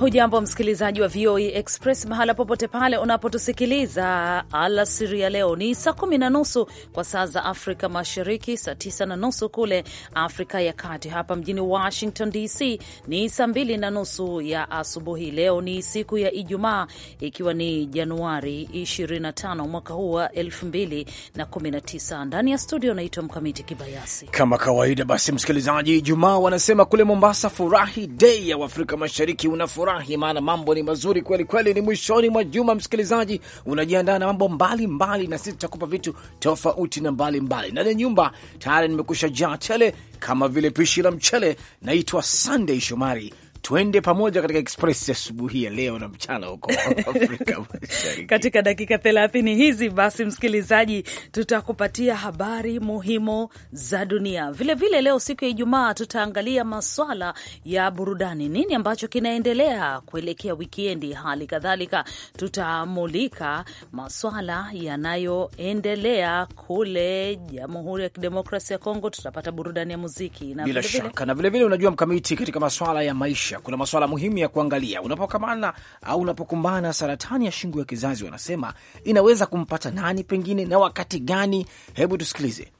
Hujambo msikilizaji wa VOA e Express mahala popote pale unapotusikiliza alasiri ya leo. Ni saa kumi na nusu kwa saa za Afrika Mashariki, saa tisa na nusu kule Afrika ya Kati. Hapa mjini Washington DC ni saa mbili na nusu ya asubuhi. Leo ni siku ya Ijumaa, ikiwa ni Januari 25 mwaka huu wa 2019. Ndani ya studio naitwa Mkamiti Kibayasi kama kawaida. Basi msikilizaji, Ijumaa wanasema kule Mombasa, furahi dei ya Afrika Mashariki unafura tunafurahi, maana mambo ni mazuri kweli kweli. Ni mwishoni mwa juma, msikilizaji, unajiandaa na mambo mbalimbali, na sisi tutakupa vitu tofauti na mbalimbali. Ndani ya nyumba tayari nimekusha jaa tele kama vile pishi la mchele. Naitwa Sunday Shomari. Twende pamoja katika express asubuhi ya leo na mchana huko Afrika Mashariki. Katika dakika thelathini hizi basi, msikilizaji, tutakupatia habari muhimu za dunia. Vilevile vile leo siku ya Ijumaa tutaangalia maswala ya burudani, nini ambacho kinaendelea kuelekea wikendi. Hali kadhalika tutamulika maswala yanayoendelea kule Jamhuri ya Kidemokrasia ya Kongo, tutapata burudani ya muziki na bila vile shaka vile... na vilevile vile, unajua mkamiti, katika maswala ya maisha kuna masuala muhimu ya kuangalia unapokamana au unapokumbana saratani ya shingo ya kizazi. Wanasema inaweza kumpata nani pengine na wakati gani? Hebu tusikilize.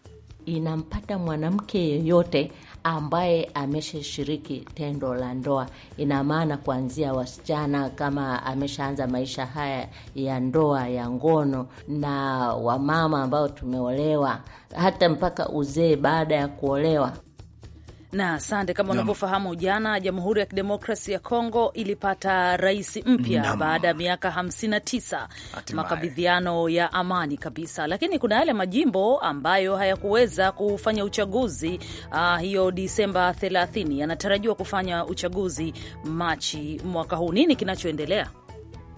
Inampata mwanamke yeyote ambaye ameshashiriki tendo la ndoa. Ina maana kuanzia wasichana kama ameshaanza maisha haya ya ndoa ya ngono, na wamama ambao tumeolewa, hata mpaka uzee baada ya kuolewa na asante. Kama unavyofahamu, jana Jamhuri ya Kidemokrasi ya Kongo ilipata rais mpya baada ya miaka 59, makabidhiano ya amani kabisa, lakini kuna yale majimbo ambayo hayakuweza kufanya uchaguzi uh, hiyo Disemba 30. Yanatarajiwa kufanya uchaguzi Machi mwaka huu. Nini kinachoendelea?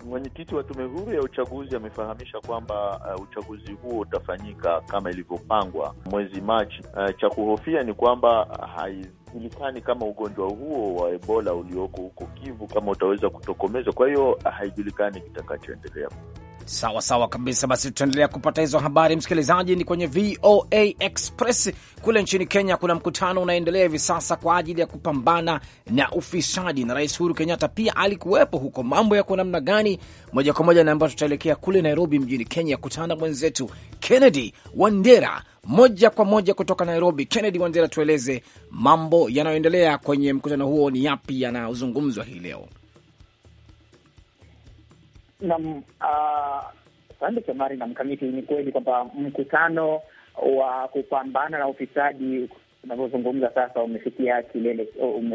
Mwenyekiti wa Tume Huru ya Uchaguzi amefahamisha kwamba uh, uchaguzi huo utafanyika kama ilivyopangwa mwezi Machi. Uh, cha kuhofia ni kwamba haijulikani kama ugonjwa huo wa Ebola ulioko huko Kivu kama utaweza kutokomezwa. Kwa hiyo uh, haijulikani kitakachoendelea. Sawa sawa kabisa. Basi tutaendelea kupata hizo habari, msikilizaji, ni kwenye VOA Express. Kule nchini Kenya kuna mkutano unaendelea hivi sasa kwa ajili ya kupambana na ufisadi, na Rais Uhuru Kenyatta pia alikuwepo huko. Mambo yako namna gani? Moja kwa moja naambayo ambayo tutaelekea kule Nairobi mjini Kenya kutana mwenzetu Kennedy Wandera moja kwa moja kutoka Nairobi. Kennedy Wandera, tueleze mambo yanayoendelea kwenye mkutano huo, ni yapi yanayozungumzwa hii leo? Nam, ah, sande uh, Shomari na Mkamiti, ni kweli kwamba mkutano wa kupambana na ufisadi unavyozungumza sasa umefikia kilele,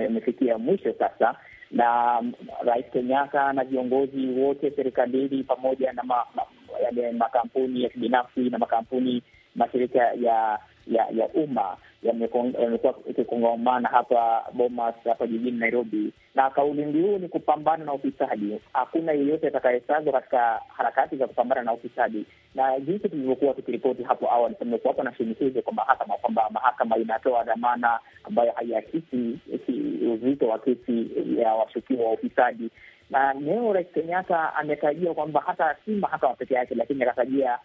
umefikia mwisho sasa, na Rais Kenyatta na viongozi wote serikalini pamoja na ma, ma, yale makampuni ya kibinafsi na makampuni mashirika ya ya, ya umma yamekuwa ikikongamana hapa Bomas hapa jijini Nairobi, na kauli mbiu ni kupambana na ufisadi. Hakuna yeyote atakayesazwa katika harakati za kupambana na ufisadi, na jinsi tulivyokuwa tukiripoti hapo awali, tumekuwapo na shinikizo kwa mahakama kwamba mahakama inatoa dhamana ambayo haiakisi uzito wa kesi ya washukiwa wa ufisadi na leo Rais Kenyatta ametajia kwamba hata si mahakama peke yake, lakini akatajia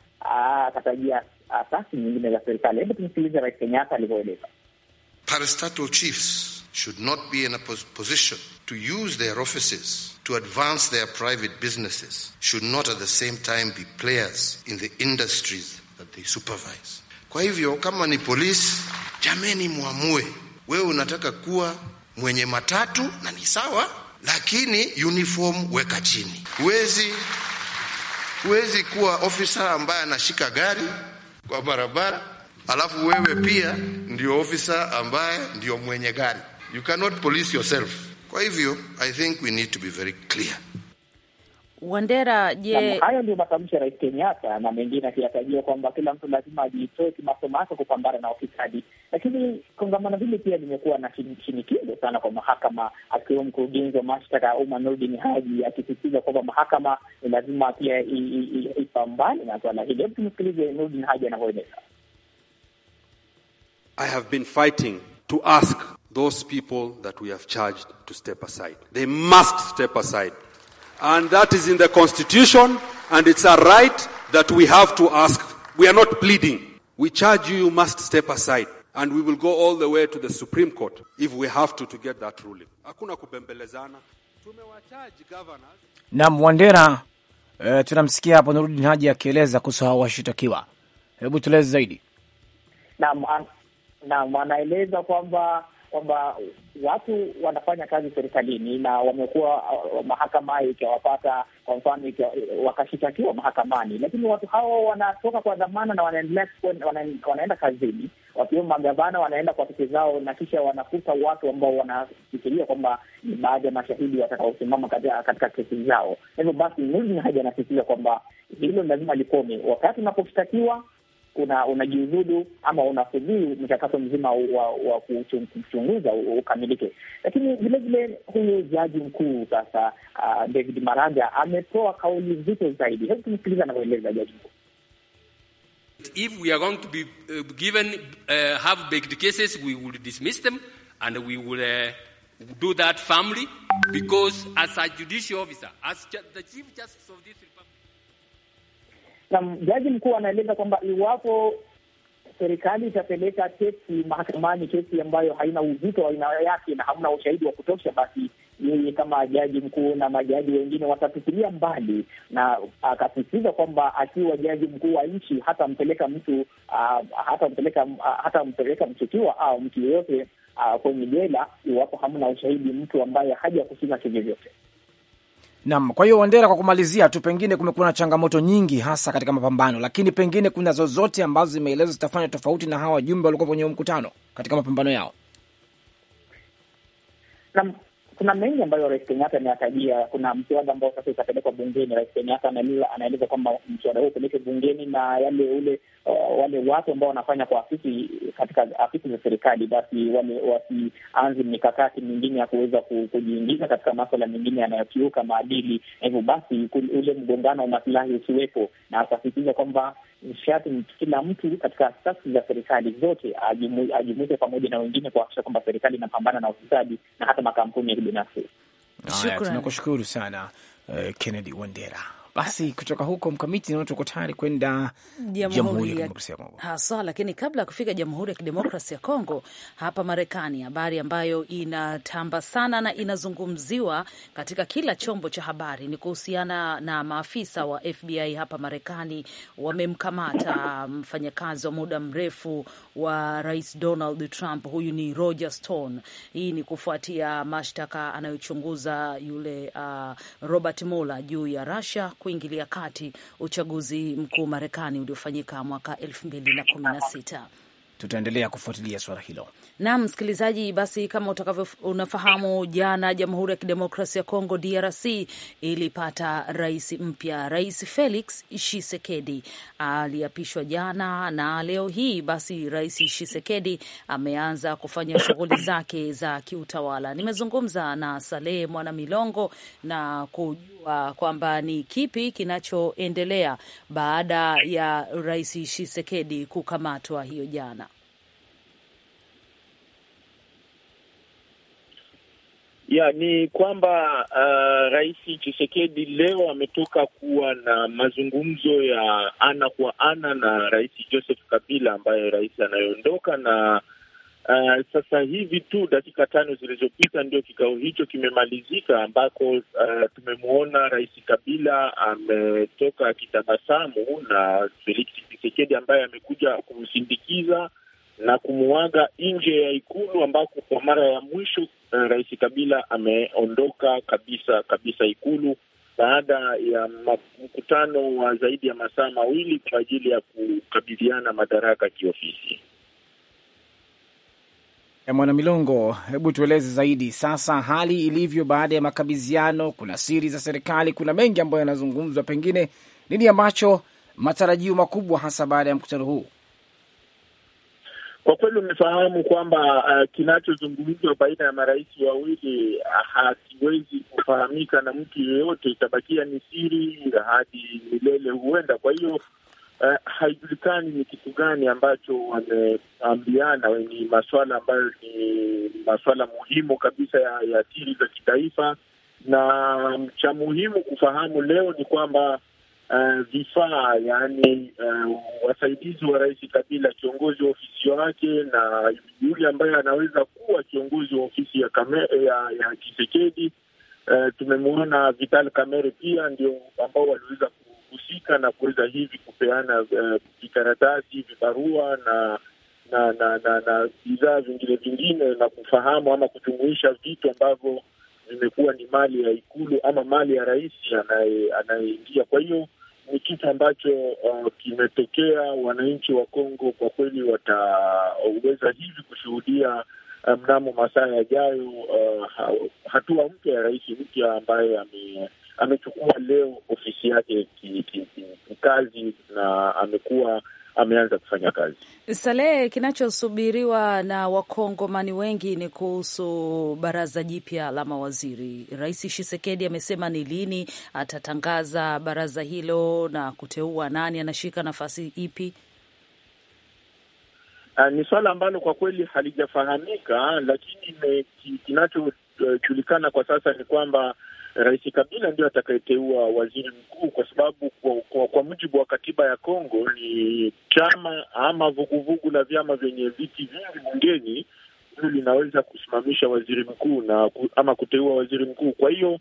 akatajia asasi nyingine za serikali. Hebu tumsikilize Rais Kenyatta alivyoeleza. Parastatal chiefs should not be in a position to use their offices to advance their private businesses, should not at the same time be players in the industries that they supervise. Kwa hivyo kama ni polisi, jameni, mwamue. Wewe unataka kuwa mwenye matatu na ni sawa, lakini uniform weka chini. Huwezi kuwa ofisa ambaye anashika gari kwa barabara, alafu wewe pia ndio ofisa ambaye ndio mwenye gari. You cannot police yourself. Kwa hivyo I think we need to be very clear. Wandera, je, hayo ndio matamshi ya Rais Kenyatta na mengine akiyatajia kwamba kila mtu lazima ajitoe kimasomo yake kupambana na ufisadi. Lakini kongamano hili pia limekuwa na shinikizo sana kwa mahakama, akiwemo mkurugenzi wa mashtaka ya umma Nurdin Haji akisisitiza kwamba mahakama ni lazima pia ipambane na swala hili. Hebu tumsikilize Nurdin Haji anavyoeleza. I have been fighting to ask those people that we have charged to step aside. They must step aside and that is in the constitution and it's a right that we have to ask we are not pleading we charge you you must step aside and we will go all the way to the supreme court if we have to to get that ruling hakuna kubembelezana tumewacharge governors na Mwandera e, eh, tunamsikia hapo Nurudin Haji akieleza kuhusu hao washitakiwa hebu tueleze zaidi naam anaeleza kwamba kwamba watu wanafanya kazi serikalini na wamekuwa uh, mahakama ikiwapata kwa mfano uh, wakashitakiwa mahakamani, lakini watu hao wanatoka kwa dhamana na wanaendelea wanaenda kazini, wakiwemo magavana wanaenda kwa kesi zao, na kisha wanakuta watu ambao wanafikiria kwamba ni baadhi ya mashahidi watakaosimama katika kesi zao. Hivyo basi, mimi haja anasisitiza kwamba hilo lazima likome wakati unaposhitakiwa una una ama unafudhii mchakato mzima wa, wa kuchunguza ukamilike. Lakini vilevile huyu jaji mkuu sasa, uh, David Maraga ametoa kauli nzito zaidi. Hebu tumsikiliza anavyoeleza jaji mkuu. If we are going to be uh, given uh, have baked cases we will dismiss them and we will uh, do that firmly because as a judicial officer as the chief justice of this na jaji mkuu anaeleza kwamba iwapo serikali itapeleka kesi mahakamani, kesi ambayo haina uzito wa aina yake na hamna ushahidi wa kutosha, basi yeye kama jaji mkuu na majaji wengine watatupilia mbali, na akasisitiza kwamba akiwa jaji mkuu wa nchi mpeleka mtu uh, hatampeleka mchukiwa mshukiwa au mtu yeyote uh, ah, kwenye jela iwapo hamna ushahidi, mtu ambaye haja kusima kivyovyote. Naam, kwa hiyo Wandera, kwa kumalizia tu, pengine kumekuwa na changamoto nyingi hasa katika mapambano, lakini pengine kuna zozote ambazo zimeelezwa zitafanya tofauti na hawa wajumbe walikuwa kwenye mkutano katika mapambano yao? Naam, kuna mengi ambayo Rais Kenyatta ameatajia. Kuna mswada ambao sasa utapelekwa bungeni. Rais Kenyatta anaeleza kwamba mswada huu upeleke bungeni na yale ule uh, wale watu ambao wanafanya kwa afisi katika afisi za serikali, basi wale wasianze mikakati mingine ya kuweza kujiingiza katika maswala mengine yanayokiuka maadili, na hivyo basi ule mgongano wa masilahi usiwepo, na akasisitiza kwamba nishati ni kila mtu katika asasi za serikali zote ajumuike pamoja na wengine kuhakikisha kwamba serikali inapambana na ufisadi na hata makampuni ya kibinafsi. tunakushukuru sana uh, Kennedy Wandera. Basi kutoka huko Mkamiti naona tuko tayari kwenda Jamhuri ya Kidemokrasia ya Kongo haswa, lakini kabla ya kufika Jamhuri ya Kidemokrasia ya Kongo, hapa Marekani, habari ambayo inatamba sana na inazungumziwa katika kila chombo cha habari ni kuhusiana na maafisa wa FBI hapa Marekani wamemkamata mfanyakazi wa muda mrefu wa Rais Donald Trump. Huyu ni Roger Stone. Hii ni kufuatia mashtaka anayochunguza yule uh, Robert Mueller juu ya Russia kuingilia kati uchaguzi mkuu Marekani uliofanyika mwaka elfu mbili na kumi na sita. Tutaendelea kufuatilia suala hilo. Na msikilizaji, basi kama utakavyo unafahamu, jana Jamhuri ya Kidemokrasia ya Kongo DRC ilipata rais mpya. Rais Felix Tshisekedi aliapishwa jana na leo hii basi Rais Tshisekedi ameanza kufanya shughuli zake za kiutawala. Nimezungumza na Saleh Mwana Milongo na kujua kwamba ni kipi kinachoendelea baada ya Rais Tshisekedi kukamatwa hiyo jana. ya ni kwamba uh, Rais Chisekedi leo ametoka kuwa na mazungumzo ya ana kwa ana na Rais Joseph Kabila ambaye rais anayoondoka na Uh, sasa hivi tu dakika tano zilizopita ndio kikao hicho kimemalizika, ambako uh, tumemwona Rais Kabila ametoka akitabasamu na Felix chisekedi ambaye amekuja kumsindikiza na kumuaga nje ya ikulu ambako kwa mara ya mwisho eh, Rais Kabila ameondoka kabisa kabisa ikulu baada ya mkutano wa zaidi ya masaa mawili kwa ajili ya kukabidhiana madaraka kiofisi. Mwana Milongo, hebu tueleze zaidi sasa hali ilivyo baada ya makabidhiano. Kuna siri za serikali, kuna mengi ambayo yanazungumzwa. Pengine nini ambacho matarajio makubwa hasa baada ya mkutano huu? Kwa kweli umefahamu kwamba uh, kinachozungumzwa baina ya marais wawili uh, hakiwezi uh, kufahamika na mtu yeyote, itabakia ni siri hadi milele huenda. Kwa hiyo uh, haijulikani ni kitu gani ambacho wameambiana. Ni maswala ambayo ni maswala muhimu kabisa ya, ya siri za kitaifa, na cha muhimu kufahamu leo ni kwamba Eh, vifaa yani uh, eh, wasaidizi wa Rais Kabila, kiongozi wa ofisi wake na yule ambaye anaweza kuwa kiongozi wa ofisi ya kame, ya, ya Uh, tumemwona Vital Kamerhe pia ndio ambao waliweza kuhusika na kuweza hivi kupeana vikaratasi uh, vibarua na na na na na bidhaa vingine vingine na kufahamu ama kujumuisha vitu ambavyo vimekuwa ni mali ya ikulu ama mali ya rais anayeingia. Kwa hiyo ni kitu ambacho uh, kimetokea. Wananchi wa Kongo kwa kweli wataweza uh, hivi kushuhudia uh, mnamo masaa yajayo uh, hatua mpya ya rais mpya ambaye ame amechukua leo ofisi yake kikazi ki, ki, ki, na amekuwa ameanza kufanya kazi. Salehe, kinachosubiriwa na wakongomani wengi ni kuhusu baraza jipya la mawaziri. Rais Tshisekedi amesema ni lini atatangaza baraza hilo na kuteua nani anashika nafasi ipi. Uh, ni swala ambalo kwa kweli halijafahamika, lakini kinachojulikana kwa sasa ni kwamba Rais Kabila ndio atakayeteua waziri mkuu, kwa sababu kwa, kwa, kwa mujibu wa katiba ya Kongo ni chama ama vuguvugu la vyama vyenye viti vingi bungeni hiyo linaweza kusimamisha waziri mkuu na ama kuteua waziri mkuu. Kwa hiyo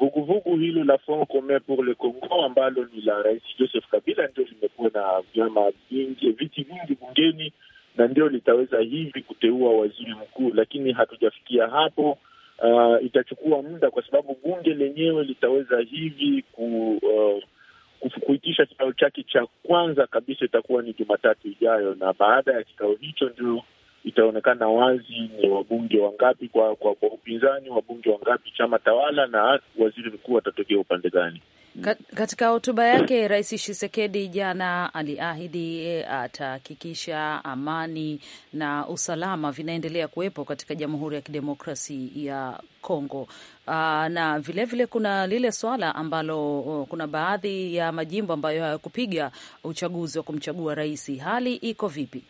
vuguvugu hilo la Front Commun pour le Congo ambalo ni la Rais Joseph Kabila ndio limekuwa na vyama vingi, viti vingi bungeni na ndio litaweza hivi kuteua waziri mkuu, lakini hatujafikia hapo uh, itachukua muda kwa sababu bunge lenyewe litaweza hivi ku, uh, kuitisha kikao chake cha kwanza kabisa, itakuwa ni Jumatatu ijayo, na baada ya kikao hicho ndio itaonekana wazi ni wabunge wangapi kwa kwa, kwa upinzani, wabunge wangapi chama tawala, na waziri mkuu atatokea upande gani. Katika hotuba yake Rais Tshisekedi jana aliahidi e, atahakikisha amani na usalama vinaendelea kuwepo katika Jamhuri ya Kidemokrasi ya Kongo. Aa, na vilevile vile kuna lile swala ambalo kuna baadhi ya majimbo ambayo hayakupiga uchaguzi wa kumchagua rais. Hali iko vipi?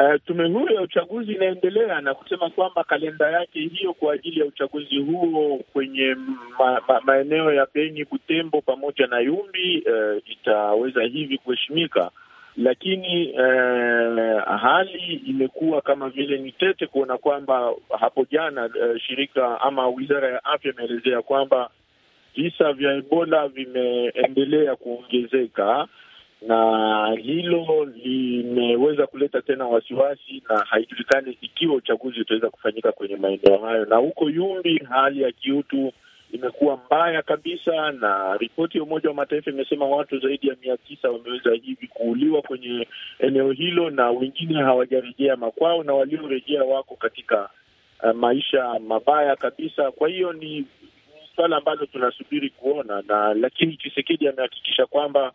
Uh, eh, tume huru ya uchaguzi inaendelea na kusema kwamba kalenda yake hiyo kwa ajili ya uchaguzi huo kwenye ma, ma, maeneo ya Beni, Butembo pamoja na Yumbi uh, itaweza hivi kuheshimika, lakini uh, hali imekuwa kama vile ni tete, kuona kwamba hapo jana uh, shirika ama wizara ya afya imeelezea kwamba visa vya Ebola vimeendelea kuongezeka na hilo limeweza kuleta tena wasiwasi, na haijulikani ikiwa uchaguzi utaweza kufanyika kwenye maeneo hayo. Na huko Yumbi hali ya kiutu imekuwa mbaya kabisa, na ripoti ya Umoja wa Mataifa imesema watu zaidi ya mia tisa wameweza hivi kuuliwa kwenye eneo hilo, na wengine hawajarejea makwao, na waliorejea wako katika uh, maisha mabaya kabisa. Kwa hiyo ni suala ambalo tunasubiri kuona, na lakini chisekedi amehakikisha kwamba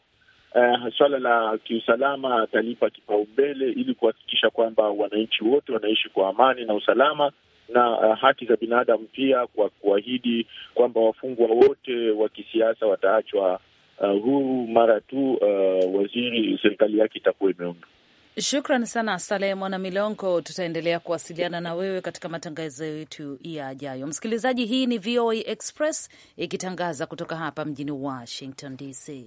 Uh, swala la kiusalama atalipa kipaumbele ili kuhakikisha kwamba wananchi wote wanaishi kwa amani na usalama na uh, haki za binadamu pia, kwa kuahidi kwamba wafungwa wote wa kisiasa wataachwa uh, huru mara tu uh, waziri serikali yake itakuwa imeundwa. Shukran sana Saleh Mwana Milongo, tutaendelea kuwasiliana na wewe katika matangazo yetu yajayo. Msikilizaji, hii ni VOA Express ikitangaza kutoka hapa mjini Washington DC.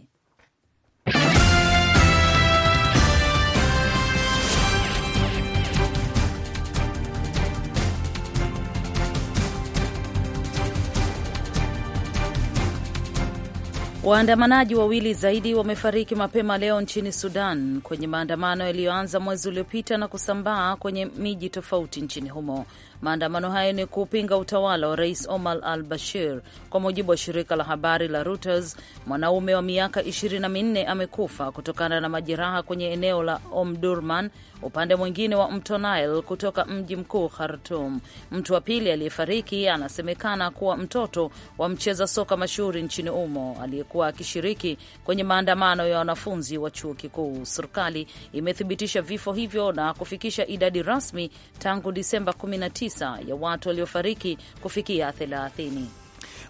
Waandamanaji wawili zaidi wamefariki mapema leo nchini Sudan kwenye maandamano yaliyoanza mwezi uliopita na kusambaa kwenye miji tofauti nchini humo. Maandamano hayo ni kupinga utawala wa Rais Omar al Bashir. Kwa mujibu wa shirika la habari la Reuters, mwanaume wa miaka 24 amekufa kutokana na majeraha kwenye eneo la Omdurman upande mwingine wa mto Nile kutoka mji mkuu Khartum. Mtu wa pili aliyefariki anasemekana kuwa mtoto wa mcheza soka mashuhuri nchini humo aliyekuwa akishiriki kwenye maandamano ya wanafunzi wa chuo kikuu. Serikali imethibitisha vifo hivyo na kufikisha idadi rasmi tangu Disemba 29 ya watu waliofariki kufikia 30.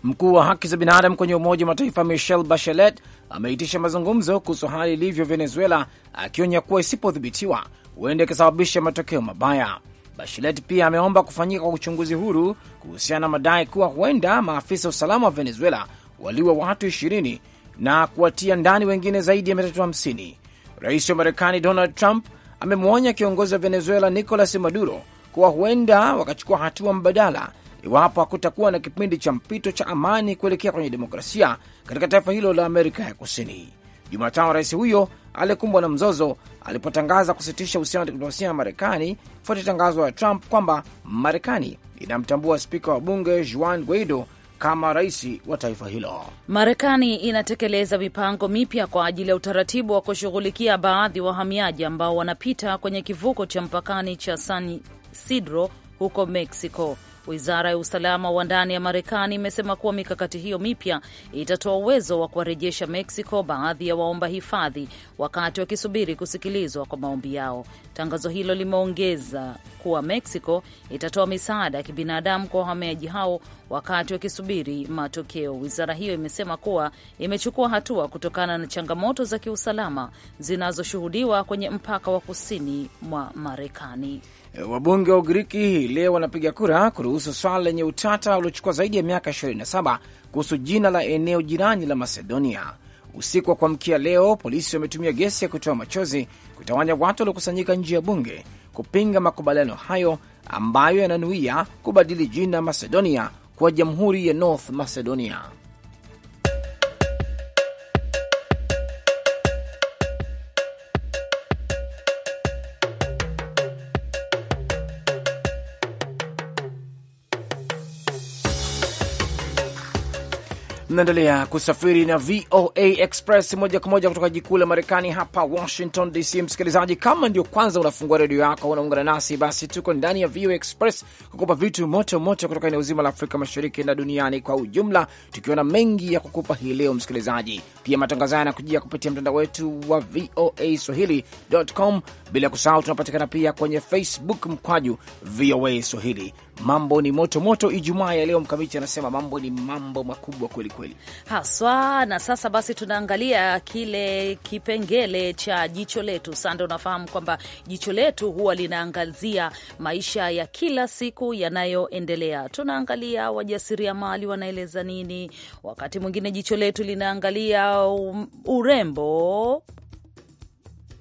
Mkuu wa haki za binadamu kwenye Umoja wa Mataifa Michelle Bachelet ameitisha mazungumzo kuhusu hali ilivyo Venezuela, akionya kuwa isipodhibitiwa huenda ikasababisha matokeo mabaya. Bachelet pia ameomba kufanyika kwa uchunguzi huru kuhusiana na madai kuwa huenda maafisa wa usalama wa Venezuela waliwa watu 20 na kuwatia ndani wengine zaidi ya 350. Rais wa Marekani Donald Trump amemwonya kiongozi wa Venezuela Nicolas Maduro kuwa huenda wakachukua hatua mbadala iwapo hakutakuwa na kipindi cha mpito cha amani kuelekea kwenye demokrasia katika taifa hilo la Amerika ya Kusini. Jumatano, rais huyo aliyekumbwa na mzozo alipotangaza kusitisha uhusiano wa diplomasia na Marekani kufuatia tangazo la Trump kwamba Marekani inamtambua spika wa bunge Juan Guaido kama rais wa taifa hilo. Marekani inatekeleza mipango mipya kwa ajili ya utaratibu wa kushughulikia baadhi ya wahamiaji ambao wanapita kwenye kivuko cha mpakani cha San Isidro huko Mexico. Wizara ya usalama wa ndani ya Marekani imesema kuwa mikakati hiyo mipya itatoa uwezo wa kuwarejesha Mexico baadhi ya waomba hifadhi wakati wakisubiri kusikilizwa kwa maombi yao. Tangazo hilo limeongeza kuwa Mexico itatoa misaada ya kibinadamu kwa wahamiaji hao wakati wakisubiri matokeo. Wizara hiyo imesema kuwa imechukua hatua kutokana na changamoto za kiusalama zinazoshuhudiwa kwenye mpaka wa kusini mwa Marekani. Eh, wabunge wa Ugiriki hii leo wanapiga kura kuruhusu swala lenye utata uliochukua zaidi ya miaka 27 kuhusu jina la eneo jirani la Macedonia. Usiku wa kuamkia leo, polisi wametumia gesi ya kutoa machozi kutawanya watu waliokusanyika nje ya bunge kupinga makubaliano hayo ambayo yananuia kubadili jina Macedonia kwa Jamhuri ya North Macedonia. Mnaendelea kusafiri na VOA Express moja kwa moja kutoka jikuu la Marekani hapa Washington DC. Msikilizaji, kama ndio kwanza unafungua redio yako unaungana nasi, basi tuko ndani ya VOA Express kukupa vitu moto moto kutoka eneo zima la Afrika Mashariki na duniani kwa ujumla, tukiwa na mengi ya kukupa hii leo. Msikilizaji, pia matangazo haya yanakujia kupitia mtandao wetu wa VOA Swahili.com, bila kusahau tunapatikana pia kwenye Facebook mkwaju VOA Swahili. Mambo ni moto moto Ijumaa ya leo. Mkamiti anasema mambo ni mambo makubwa kweli kweli, haswa. Na sasa basi, tunaangalia kile kipengele cha jicho letu. Sande, unafahamu kwamba jicho letu huwa linaangazia maisha ya kila siku yanayoendelea. Tunaangalia wajasiriamali wanaeleza nini, wakati mwingine jicho letu linaangalia urembo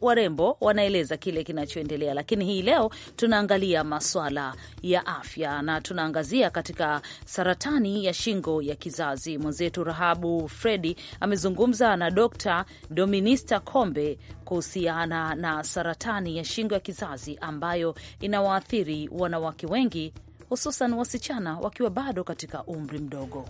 warembo wanaeleza kile kinachoendelea, lakini hii leo tunaangalia maswala ya afya na tunaangazia katika saratani ya shingo ya kizazi. Mwenzetu Rahabu Fredi amezungumza na Dr. Dominista Kombe kuhusiana na saratani ya shingo ya kizazi ambayo inawaathiri wanawake wengi, hususan wasichana wakiwa bado katika umri mdogo.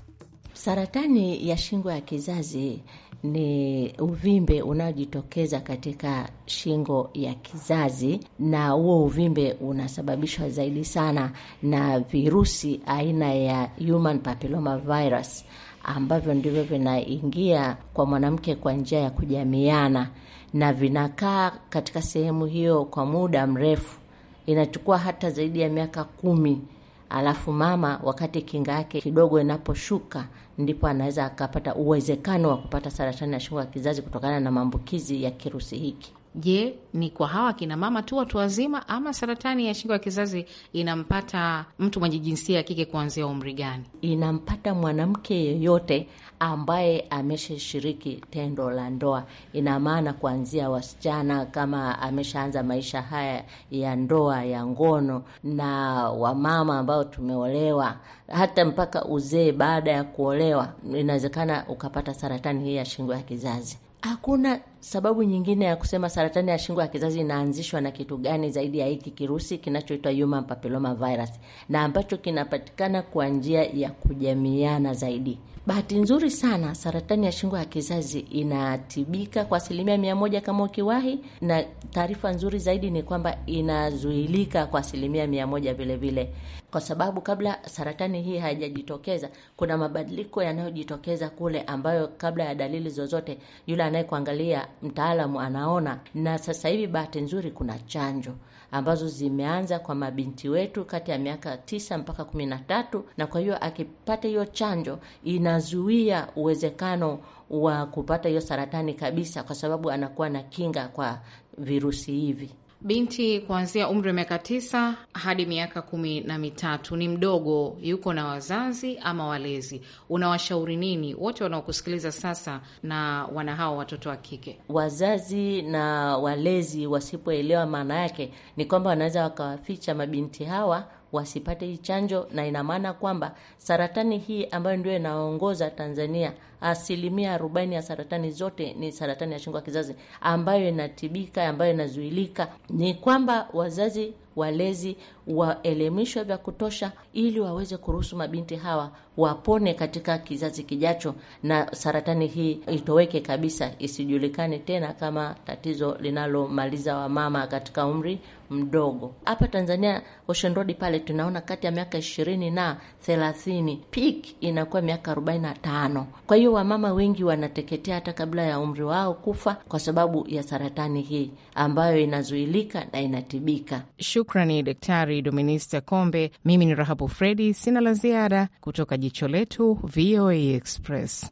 Saratani ya shingo ya kizazi ni uvimbe unaojitokeza katika shingo ya kizazi, na huo uvimbe unasababishwa zaidi sana na virusi aina ya human papilloma virus ambavyo ndivyo vinaingia kwa mwanamke kwa njia ya kujamiana na vinakaa katika sehemu hiyo kwa muda mrefu, inachukua hata zaidi ya miaka kumi. Alafu mama wakati kinga yake kidogo inaposhuka ndipo anaweza akapata uwezekano wa kupata saratani ya shingo ya kizazi kutokana na maambukizi ya kirusi hiki. Je, ni kwa hawa kina mama tu watu wazima, ama saratani ya shingo ya kizazi inampata mtu mwenye jinsia ya kike kuanzia umri gani? Inampata mwanamke yeyote ambaye ameshashiriki tendo la ndoa. Ina maana kuanzia wasichana kama ameshaanza maisha haya ya ndoa ya ngono, na wamama ambao tumeolewa, hata mpaka uzee baada ya kuolewa, inawezekana ukapata saratani hii ya shingo ya kizazi. Hakuna sababu nyingine ya kusema saratani ya shingo ya kizazi inaanzishwa na kitu gani zaidi ya hiki kirusi kinachoitwa human papilloma virus, na ambacho kinapatikana kwa njia ya kujamiana zaidi. Bahati nzuri sana, saratani ya shingo ya kizazi inatibika kwa asilimia mia moja kama ukiwahi, na taarifa nzuri zaidi ni kwamba inazuilika kwa asilimia mia moja vilevile, kwa sababu kabla saratani hii haijajitokeza kuna mabadiliko yanayojitokeza kule, ambayo kabla ya dalili zozote yule anayekuangalia mtaalamu anaona, na sasa hivi bahati nzuri kuna chanjo ambazo zimeanza kwa mabinti wetu kati ya miaka tisa mpaka kumi na tatu, na kwa hiyo akipata hiyo chanjo inazuia uwezekano wa kupata hiyo saratani kabisa, kwa sababu anakuwa na kinga kwa virusi hivi binti kuanzia umri wa miaka tisa hadi miaka kumi na mitatu ni mdogo, yuko na wazazi ama walezi, unawashauri nini wote wanaokusikiliza sasa na wana hao watoto wa kike? Wazazi na walezi wasipoelewa maana yake, ni kwamba wanaweza wakawaficha mabinti hawa wasipate hii chanjo, na ina maana kwamba saratani hii ambayo ndio inaongoza Tanzania, asilimia arobaini ya saratani zote ni saratani ya shingo ya kizazi ambayo inatibika, ambayo inazuilika. Ni kwamba wazazi walezi waelimishwe vya kutosha, ili waweze kuruhusu mabinti hawa wapone katika kizazi kijacho, na saratani hii itoweke kabisa, isijulikane tena kama tatizo linalomaliza wamama katika umri mdogo. Hapa Tanzania Ocean Road pale tunaona kati ya miaka ishirini na thelathini peak inakuwa miaka arobaini na tano. Kwa hiyo wamama wengi wanateketea hata kabla ya umri wao kufa kwa sababu ya saratani hii ambayo inazuilika na inatibika. Shukrani daktari habari Dominista Kombe. Mimi ni Rahabu Fredi, sina la ziada kutoka jicho letu VOA Express.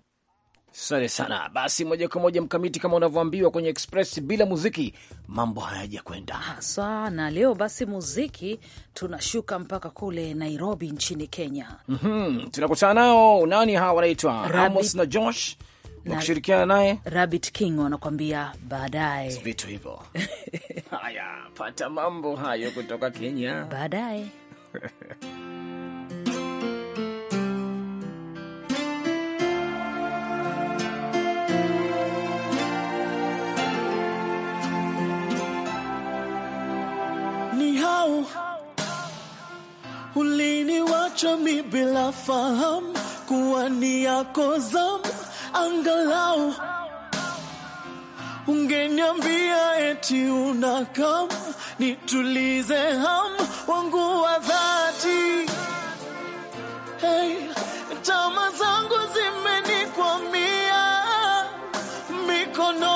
sante sana. Basi moja kwa moja Mkamiti, kama unavyoambiwa kwenye Express, bila muziki mambo hayaja kwenda haswa. Na leo basi muziki, tunashuka mpaka kule Nairobi nchini Kenya. mm -hmm. tunakutana nao. Nani hawa wanaitwa Amos na Josh wakishirikiana naye Rabbit King wanakuambia baadaye, vitu hivyo haya. Pata mambo hayo kutoka Kenya baadaye ni uliniwacha mi bila fahamu kuwa ni yako zamu angalau ungeniambia eti una unakam, nitulize ham wangu wa dhati. Hey, tama zangu zimenikwamia mikono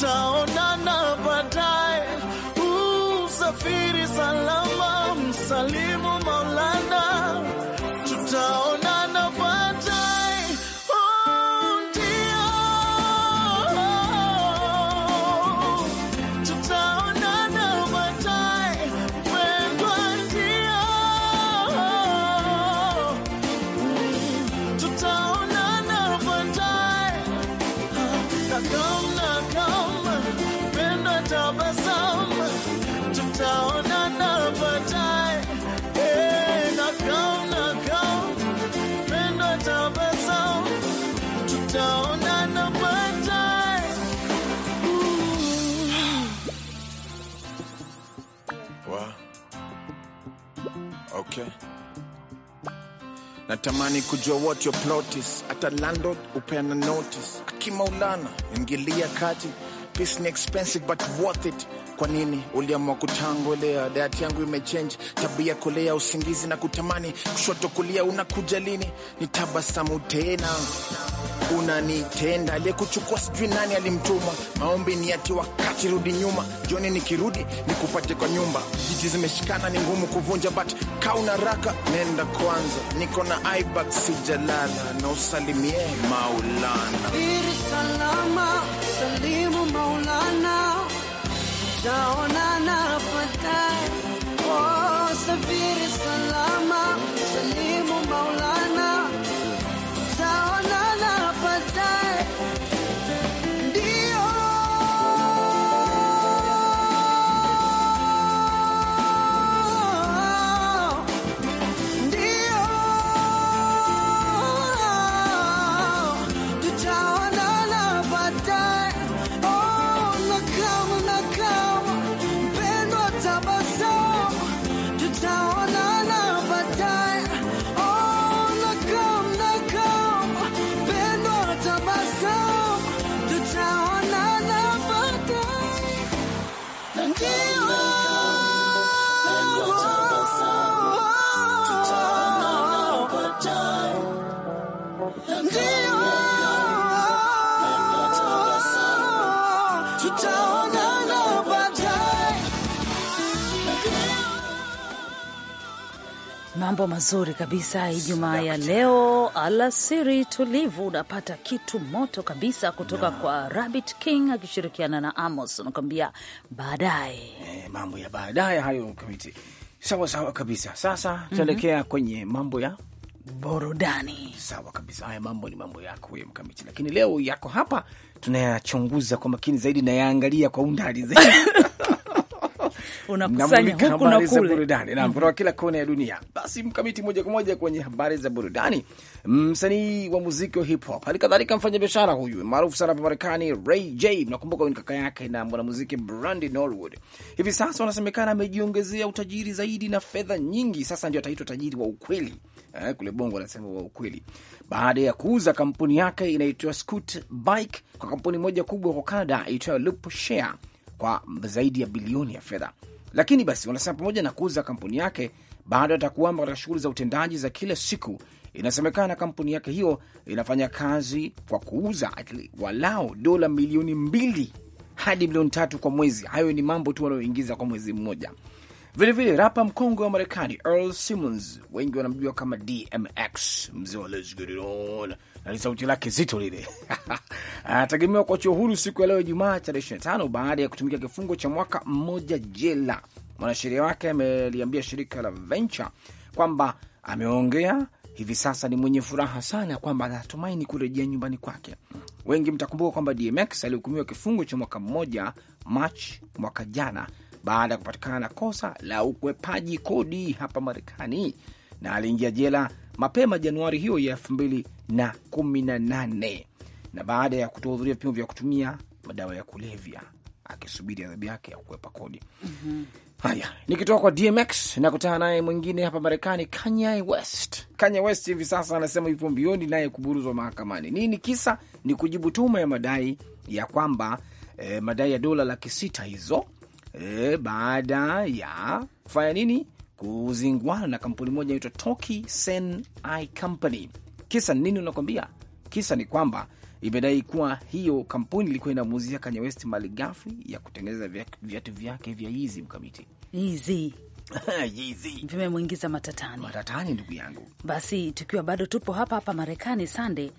town natamani kujua what your plot is. Hata landlord upeana notice, akimaulana ingilia kati. Peace ni expensive but worth it. Kwa nini uliamua kutangolea? Dayati yangu imechange tabia, kulea usingizi na kutamani kushoto kulia, unakuja lini? Ni tabasamu tena unanitenda aliyekuchukua sijui nani alimtuma. Maombi ni ati wakati rudi nyuma, jioni nikirudi nikupate kwa nyumba. Jiji zimeshikana ni ngumu kuvunja, but kauna raka nenda kwanza, niko na ibak sijalala, na usalimie Maulana Biri salama, salimu Maulana taonana baadaye, oh, safiri salama Mambo mazuri kabisa. Ijumaa ya leo alasiri tulivu, unapata kitu moto kabisa kutoka no. kwa Rabbit King akishirikiana na Amos, unakwambia baadaye. Eh, mambo ya baadaye hayo kamiti. Sawa sawa kabisa. Sasa tuelekea mm -hmm. kwenye mambo ya burudani. Sawa kabisa, haya mambo ni mambo yako wewe Mkamiti, lakini leo yako hapa tunayachunguza kwa makini zaidi, nayaangalia kwa undani zaidi unakusanya huku na kule burudani na kutoka kila kona ya dunia. Basi mkamiti moja kwa moja kwenye habari za burudani, msanii wa muziki wa hip hop, hali kadhalika biashara huyu maarufu sana hapa Marekani, Ray J, mnakumbuka ni kaka yake na mwanamuziki Brandy Norwood, hivi sasa wanasemekana amejiongezea utajiri zaidi na fedha nyingi. Sasa ndio ataitwa tajiri wa ukweli eh, kule Bongo wanasema wa ukweli, baada ya kuuza kampuni yake inaitwa Scoot Bike kwa kampuni moja kubwa kwa Canada itwayo Loop Share kwa zaidi ya bilioni ya fedha. Lakini basi wanasema pamoja na kuuza kampuni yake bado atakuwama katika shughuli za utendaji za kila siku. Inasemekana kampuni yake hiyo inafanya kazi kwa kuuza walau dola milioni mbili hadi milioni tatu kwa mwezi. Hayo ni mambo tu wanayoingiza kwa mwezi mmoja. Vilevile rapa mkongwe wa Marekani Earl Simmons, wengi wanamjua kama DMX, mzee wa Let's Get It On, na sauti lake zito lile anategemewa kuachiwa huru siku ya leo Ijumaa tarehe 25 baada ya kutumikia kifungo cha mwaka mmoja jela. Mwanasheria wake ameliambia shirika la Venture kwamba ameongea hivi sasa ni mwenye furaha sana kwamba anatumaini kurejea nyumbani kwake. Wengi mtakumbuka kwamba DMX alihukumiwa kifungo cha mwaka mmoja Machi mwaka jana baada ya kupatikana na kosa la ukwepaji kodi hapa Marekani, na aliingia jela mapema Januari hiyo ya elfu mbili na kumi na nane na baada ya kutohudhuria vipimo vya kutumia madawa ya kulevya akisubiri adhabu yake ya kukwepa kodi. mm -hmm. Haya, nikitoka kwa DMX na kutana naye mwingine hapa Marekani, Kanye West. Kanye West hivi sasa anasema yupo mbioni naye kuburuzwa mahakamani. Nini kisa? Ni kujibu tuma ya madai ya kwamba eh, madai ya dola laki sita hizo e, baada ya kufanya nini, kuzingwana na kampuni moja inaitwa Toki I Company. Kisa nini? Unakwambia kisa ni kwamba imedai kuwa hiyo kampuni ilikuwa inamuuzia Kanye West mali ghafi ya kutengeneza viatu vyake vya hizi mkamiti hizi vimemwingiza matatani, matatani ndugu yangu. Basi tukiwa bado tupo hapa hapa Marekani, Sande,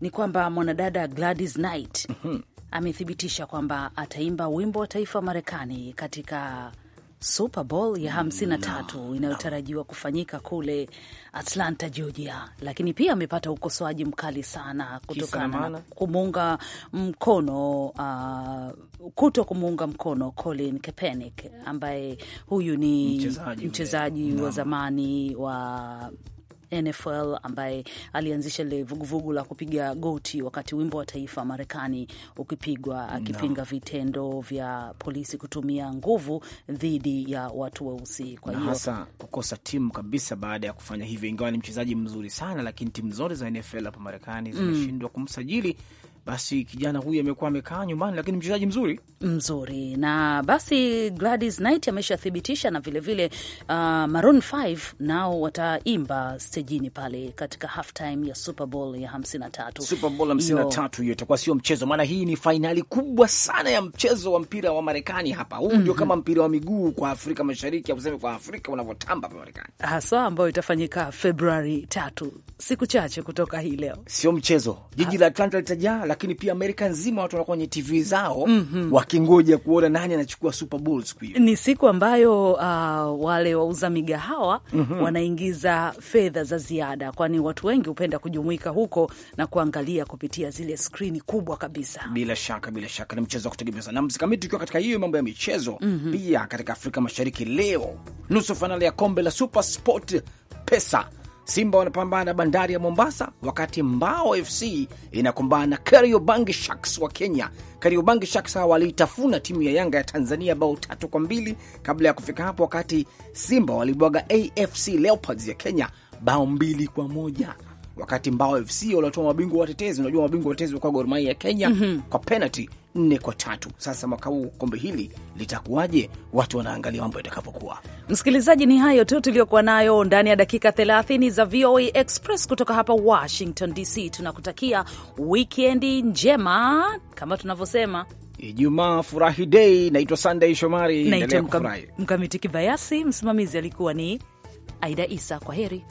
ni kwamba mwanadada Gladys Knight mhm amethibitisha kwamba ataimba wimbo wa taifa wa Marekani katika Super Bowl ya 53 no, mm, inayotarajiwa no, kufanyika kule Atlanta, Georgia, lakini pia amepata ukosoaji mkali sana kutokana na kumuunga mkono uh, kuto kumuunga mkono Colin Kaepernick ambaye huyu ni mchezaji wa zamani wa NFL ambaye alianzisha le vuguvugu la kupiga goti wakati wimbo wa taifa Marekani ukipigwa akipinga no. vitendo vya polisi kutumia nguvu dhidi ya watu weusi, kwa hiyo hasa kukosa timu kabisa baada ya kufanya hivyo, ingawa ni mchezaji mzuri sana, lakini timu zote za NFL hapa Marekani mm. zimeshindwa mm. kumsajili basi kijana huyu amekuwa amekaa nyumbani, lakini mchezaji mzuri mzuri. Na basi Gladys Knight ameshathibitisha na vilevile vile, uh, Maroon 5 nao wataimba stejini pale katika halftime ya Super Bowl ya 53. Super Bowl 53 hiyo itakuwa sio mchezo, maana hii ni fainali kubwa sana ya mchezo wa mpira wa Marekani hapa. Huu ndio mm -hmm. kama mpira wa miguu kwa Afrika Mashariki au kwa Afrika unavyotamba hapa Marekani haswa, ambayo itafanyika Februari tatu, siku chache kutoka hii leo. Sio mchezo, jiji la Atlanta litajaa lakini pia Amerika nzima watu wanakuwa kwenye TV zao mm -hmm. wakingoja kuona nani anachukua Super Bowl siku hiyo. Ni siku ambayo uh, wale wauza migahawa mm -hmm. wanaingiza fedha za ziada, kwani watu wengi hupenda kujumuika huko na kuangalia kupitia zile skrini kubwa kabisa. Bila shaka, bila shaka ni mchezo wa kutegemea sana mzikamiti. Tukiwa katika hiyo mambo ya michezo mm -hmm. pia katika Afrika Mashariki leo nusu fainali ya kombe la Super Sport pesa Simba wanapambana na bandari ya Mombasa, wakati Mbao FC inakumbana na Kariobangi Sharks wa Kenya. Kariobangi Sharks hawa waliitafuna timu ya Yanga ya Tanzania bao tatu kwa mbili kabla ya kufika hapo, wakati Simba walibwaga AFC Leopards ya Kenya bao mbili kwa moja wakati Mbao FC waliotoa mabingwa watetezi, unajua mabingwa watetezi walikuwa Gor Mahia ya Kenya mm -hmm. kwa penalty nne kwa tatu. Sasa mwaka huu kombe hili litakuwaje? Watu wanaangalia mambo yatakapokuwa. Msikilizaji, ni hayo tu tuliyokuwa nayo ndani ya dakika 30 za VOA Express kutoka hapa Washington DC. Tunakutakia wikendi njema, kama tunavyosema Ijumaa furahi dei. Naitwa Sandey Shomari, naitwa Mkamiti Kibayasi. Msimamizi alikuwa ni Aida Isa. Kwa heri.